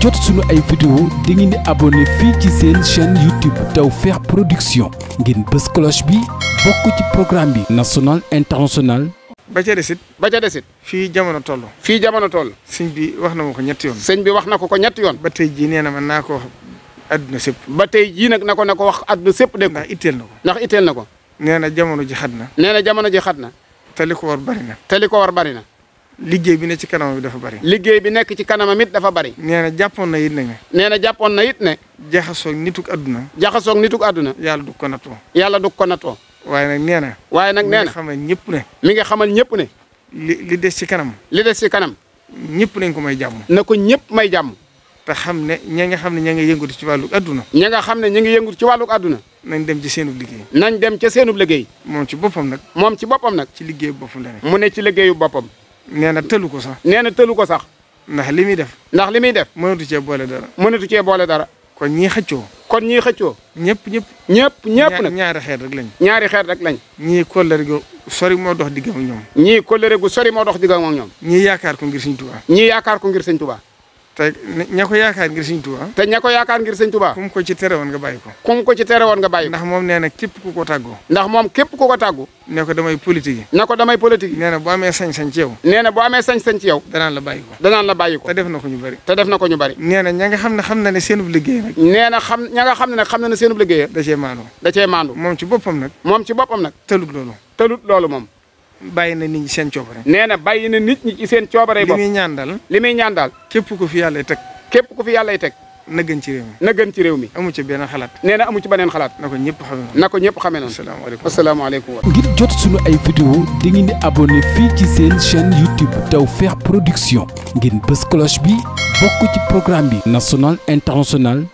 jot suñu ay vidéo da ngeen di abonné fii ci seen chaîne YouTube feex Production ngeen bës cloche bi bokk ci programme bi national international ba ca desit ba ca desit fii jamono toll fii jamono toll sëñ bi wax na ma ko ñetti yoon sëñ bi wax na ko ko ñetti yoon ba tey jii nee na ma naa ko wax adduna sëpp ba tey jii nag na ko na ko wax adduna sëpp dégg ndax itteel na ko ndax itteel na ko nee na jamono ji xat na nee jamono ji xat na te li ko war bari ko war bari na liggéey bi ne ci kanamam bi dafa bari. liggéey bi nekk ci kanamam it dafa bari. nee na jàppoon na yit ne. nee na jàppoon na it ne. jaxasoog nituk àdduna. jaxasoog nituk àdduna. yàlla du ko natoo. yàlla du ko natoo. waaye nag nee waaye nag nee na ñëpp ne. mi nga xamal ñëpp ne. li li des ci kanam. li des ci kanam. ñëpp nañ ko may jàmm. na ko ñëpp may jàmm. te xam ne ña nga xam ne ña nga yëngatu ci wàllu àdduna. ña nga xam ne ña ngi yëngatu ci wàllu àdduna. nañ dem ci seenub liggéey. nañ dem ca seenub liggéey. moom ci boppam nag. moom ci boppam nag. ci liggéeyu boppam la mu ne ci liggéeyu boppam. nee na tëlu ko sax. nee na tëlu ko sax. ndax li muy def. ndax li muy def. mënatu cee boole dara. mënatu cee boole dara. kon ñii xëccoo. kon ñii xëccoo. ñëpp ñëpp. ñëpp ñëpp nag ñaari xeet rek lañ. ñaari xeet rek lañ. ñii kóllëre gu sori moo dox diggam ak ñoom. ñii kóllëre gu sori moo dox diggam ak ñoom. ñii yaakaar ko ngir Sëñ Tuubaa. ñii yaakaar ko ngir Sëñ te ña ko yaakaar ngir sëñ Tuubaa ko yaakaar ngir sëñ Tuubaa kum ko ci tere woon nga bàyyi ko kum ko ci tere woon nga bàyyi ko ndax moom nee na képp ku ko tàggu ndax moom képp ku ko tàggu ne damay politique ne damay politique nee na amee sañ-sañ ci yow nee na amee sañ-sañ ci yow danaan la bàyyi danaan la bàyyi ko te ko ñu bari te def xam ne xam ne seenub liggéey nag xam ña xam ne xam ne seenub liggéey da cee maandu da cee maandu moom ci boppam nag moom ci boppam nag tëlut bàyyi na nit ñi seen coobare. nee na bàyyi na nit ñi ci seen coobare bopp. muy ñaan daal li muy ñaan daal. képp ku fi yàlla teg. képp ku fi yàlla teg. na gën ci réew mi na gën ci réew mi. amu ci beneen xalaat. nee na amu ci beneen xalaat. na ko ñëpp xamee noonu. na ko ñëpp xamee noonu. asalaamaaleykum asalaamaaleykum. ngir jot sunu ay vidéo di ngeen di abonné fii ci seen chaîne YouTube Tawfekh Production. ngeen bës cloche bi bokk ci programme bi. national international.